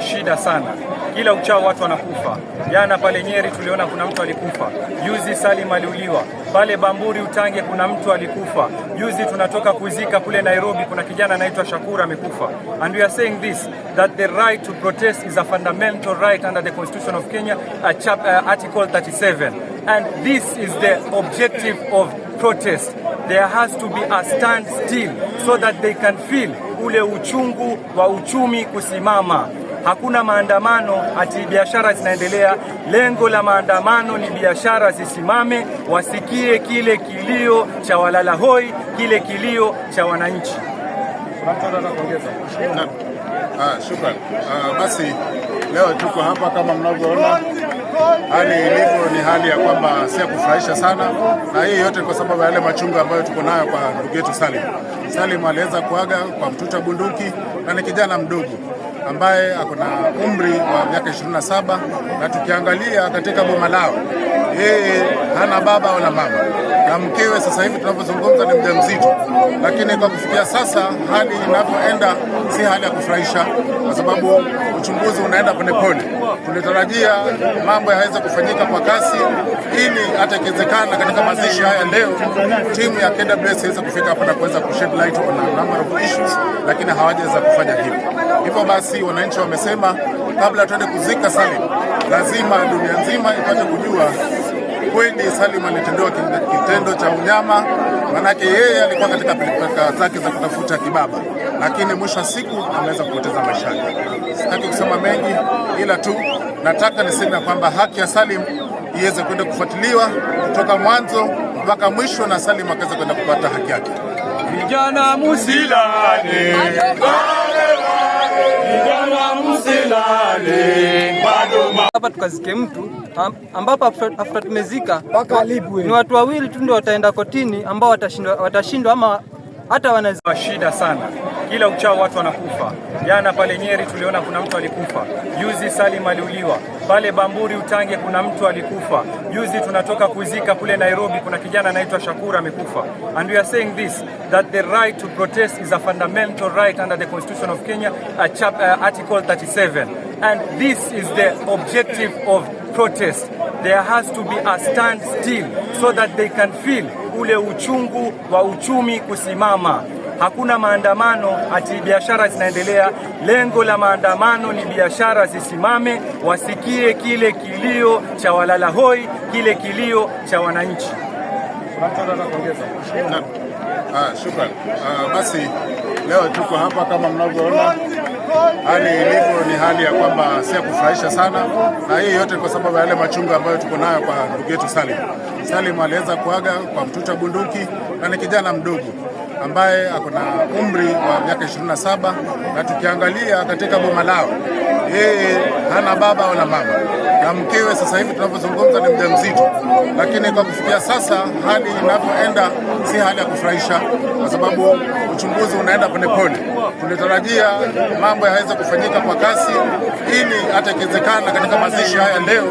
Shida sana, kila uchao watu wanakufa. Jana pale Nyeri tuliona kuna mtu alikufa, juzi Salim aliuliwa pale Bamburi Utange, kuna mtu alikufa juzi. Tunatoka kuzika kule Nairobi, kuna kijana anaitwa Shakura amekufa. And we are saying this that the right to protest is a fundamental right under the Constitution of Kenya, a chap, uh, article 37 and this is the objective of protest. There has to be a still so that they can feel ule uchungu wa uchumi kusimama hakuna maandamano ati biashara zinaendelea. Lengo la maandamano ni biashara zisimame, wasikie kile kilio cha walala hoi, kile kilio cha wananchi. Ah, Ah, basi leo tuko hapa kama mnavyoona, hali ilivyo ni hali ya kwamba si ya kufurahisha sana, na hii yote kwa sababu ya yale machunga ambayo tuko nayo kwa ndugu yetu Salim. Salim aliweza kuaga kwa mtuta bunduki na ni kijana mdogo ambaye ako na umri wa miaka 27 na tukiangalia katika boma lao yeye hana baba wala mama, na mkewe sasa hivi tunavyozungumza ni mjamzito, lakini kwa kufikia sasa hali inavyoenda si hali ya kufurahisha, kwa sababu uchunguzi unaenda polepole. Tulitarajia mambo yaweze kufanyika kwa kasi, ili hata ikiwezekana katika mazishi haya leo timu ya KWS iweze kufika hapa na kuweza kushed light on a number of issues, lakini hawajaweza kufanya hivyo. Hivyo basi wananchi wamesema kabla tuende kuzika Salim lazima dunia nzima ipate kujua kweli Salim alitendewa kitendo cha unyama, manake yeye alikuwa katika pilika zake za kutafuta kibaba, lakini mwisho wa siku ameweza kupoteza maisha yake. Sitaki kusema mengi, ila tu nataka niseme kwamba haki ya Salim iweze kwenda kufuatiliwa kutoka mwanzo mpaka mwisho, na Salim akaweza kwenda kupata haki yake. Vijana musilale, vijana hapa tukazike mtu ambapo after tumezika ni watu wawili tu ndio wataenda kotini ambao watashindwa ama hata wanazi shida sana, kila uchao watu wanakufa. Jana pale Nyeri tuliona kuna mtu alikufa, juzi Salim aliuliwa pale Bamburi Utange kuna mtu alikufa juzi, tunatoka kuzika kule Nairobi, kuna kijana anaitwa Shakura amekufa. And we are saying this that the right to protest is a fundamental right under the Constitution of Kenya a chap, uh, article 37 and this is the objective of protest. There has to be a standstill so that they can feel ule uchungu wa uchumi kusimama. Hakuna maandamano ati biashara zinaendelea. Lengo la maandamano ni biashara zisimame, wasikie kile kilio cha walala hoi, kile kilio cha wananchi. Ah, Shukrani. Ah, basi leo tuko hapa kama mnavyoona hali ilivyo ni hali ya kwamba si ya kufurahisha sana, na hii yote kwa sababu ya yale machungu ambayo tuko nayo kwa ndugu yetu Salim. Salim aliweza kuaga kwa mtuta bunduki na ni kijana mdogo ambaye ako na umri wa miaka 27 na tukiangalia katika boma lao yeye hana baba wala mama, na mkewe sasa hivi tunavyozungumza ni mjamzito, lakini kwa kufikia sasa hali inavyoenda si hali ya kufurahisha, kwa sababu uchunguzi unaenda polepole. Tulitarajia mambo yaweze kufanyika kwa kasi, ili hata ikiwezekana katika mazishi haya leo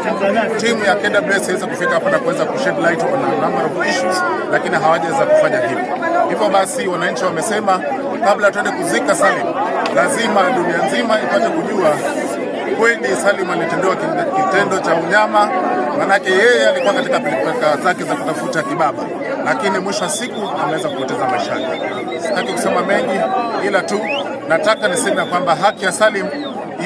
timu ya KWS iweze kufika hapa na kuweza kushed light on a number of issues, lakini hawajaweza kufanya hivyo. Hivyo basi wananchi wamesema kabla tuende kuzika Salim, lazima dunia nzima ipate kujua kweli Salim alitendewa kitendo cha unyama. manake yeye alikuwa katika pilipilika zake za kutafuta kibaba, lakini mwisho wa siku ameweza kupoteza maisha yake. Sitaki kusema mengi, ila tu nataka niseme kwamba haki ya Salim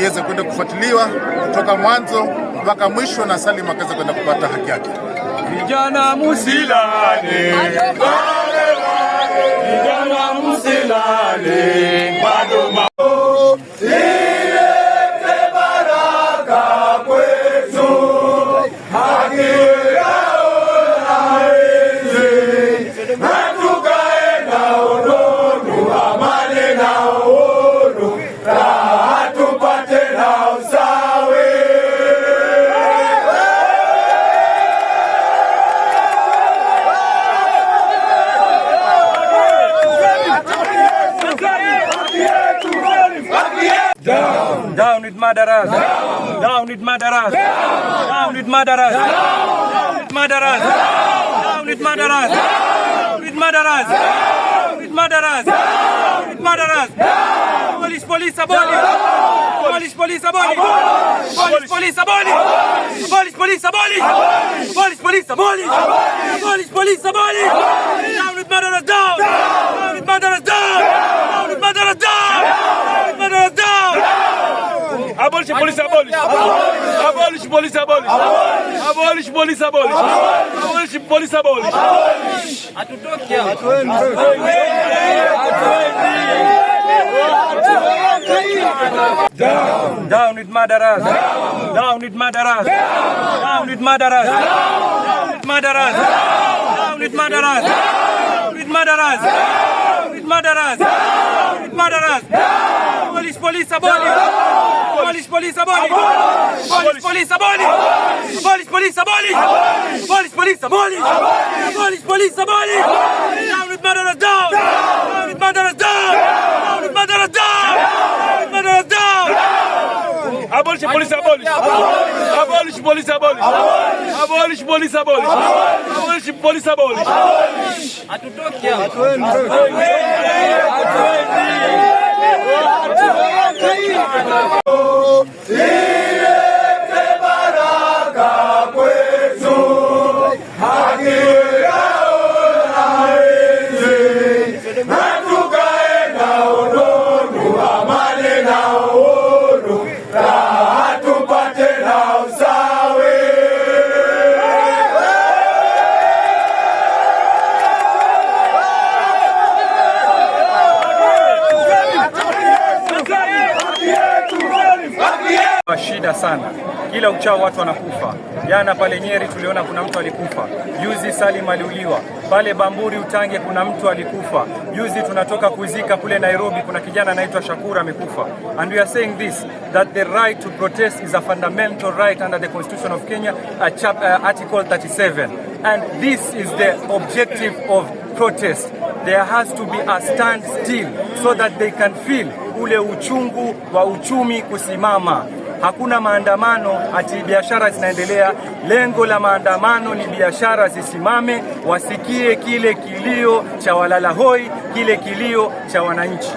iweze kwenda kufuatiliwa kutoka mwanzo mpaka mwisho, na Salim akaweza kwenda kupata haki yake. Vijana musilane down. Down with murderers. Down. Down with murderers. Down. Down with murderers. Down down with murderers. Down down with murderers. Down with murderers. Down with murderers. Down with murderers. Police, police, abolish. Police, police, abolish. Police, police, abolish. Police, police, abolish. Police, police, abolish. Police, police, abolish. Down with murderers. Down. Down with murderers. Down. Down with murderers. Down. abolish, police abolish. Abolish, police abolish. Abolish, police abolish. Abolish, police abolish. Hatutoki hapa. Down. Down with Madaras. Down. Down with Madaras. Down. Down with Madaras. Down. Down with Madaras. Down with Madaras. Down with Madaras. Down. murderers! Down! Murderers! Down! Police, police, abolish! Down! Police, police, abolish! abolish! Police, police, abolish! abolish! Police, police, abolish! abolish! Police, police, abolish! abolish! Police, police, abolish! abolish! Down with murderers! Down! Down, down with murderers! Down! down! down! Abolish, polícia, abolish. Abolish, polícia, abolish. Abolish, polícia, abolish. Abolish, polícia, abolish. hapa. sana, kila uchao watu wanakufa. Jana pale Nyeri tuliona kuna mtu alikufa, juzi Salim aliuliwa pale Bamburi Utange, kuna mtu alikufa juzi. Tunatoka kuzika kule Nairobi, kuna kijana anaitwa Shakura amekufa. And we are saying this that the right to protest is a fundamental right under the Constitution of Kenya, a chap, uh, article 37 and this is the objective of protest. There has to be a still so that they can feel ule uchungu wa uchumi kusimama. Hakuna maandamano ati biashara zinaendelea. Lengo la maandamano ni biashara zisimame, wasikie kile kilio cha walala hoi, kile kilio cha wananchi.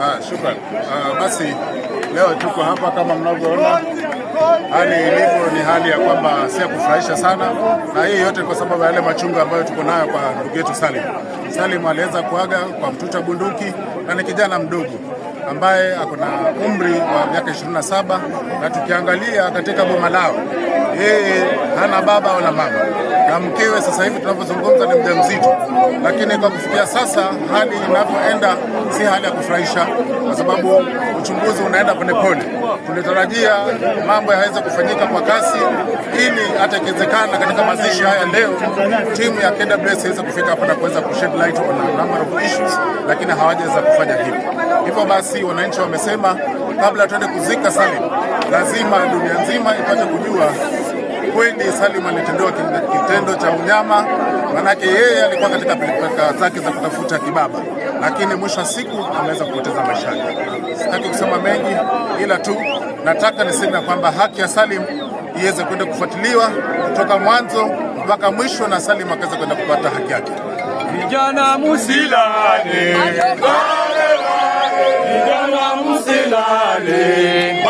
Ah, Ah, basi leo tuko hapa kama mnavyoona, hali ilivyo ni hali ya kwamba si ya kufurahisha sana, na hii yote kwa sababu ya yale machunga ambayo tuko nayo kwa ndugu yetu Salim. Salim aliweza kuaga kwa mtuta bunduki na ni kijana mdogo ambaye ako na umri wa miaka 27 na tukiangalia katika boma lao yeye hana baba wala mama, na mkewe sasa hivi tunavyozungumza ni mjamzito, lakini kwa kufikia sasa hali inavyoenda si hali ya kufurahisha, kwa sababu uchunguzi unaenda polepole. Tulitarajia mambo yaweze kufanyika kwa kasi, ili hata ikiwezekana katika mazishi haya leo timu ya KWS iweze kufika hapa na kuweza kushed light on a number of issues, lakini hawajaweza kufanya hivyo. Hivyo basi, wananchi wamesema kabla tuende kuzika Salim, lazima dunia nzima ipate kujua kweli Salim alitendewa kitendo cha unyama. Maanake yeye alikuwa katika pilika zake za kutafuta kibaba, lakini mwisho wa siku ameweza kupoteza maisha yake. Sitaki kusema mengi, ila tu nataka niseme kwamba haki ya Salim iweze kwenda kufuatiliwa kutoka mwanzo mpaka mwisho, na Salim akaweza kwenda kupata haki yake. Vijana musilane Silani.